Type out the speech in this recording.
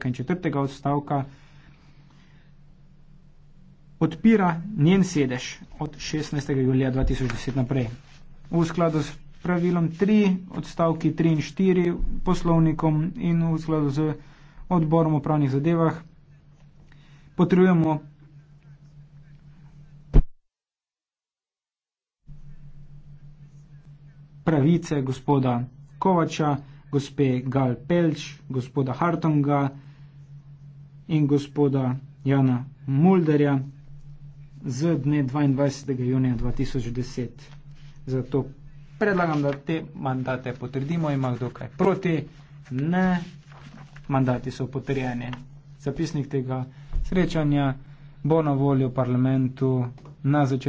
stavka in četrtega odstavka odpira njen sedež od 16. julija 2010 naprej. V skladu s pravilom 3, odstavki 3 in 4 poslovnikom in v skladu z odborom o pravnih zadevah potrebujemo pravice gospoda Kovača, gospe Gal Pelč, gospoda Hartonga, in gospoda Jana Mulderja z dne 22. junija 2010. Zato predlagam, da te mandate potrdimo. Ima kdo kaj proti? Ne. Mandati so potrjeni. Zapisnik tega srečanja bo na voljo parlamentu na začetku.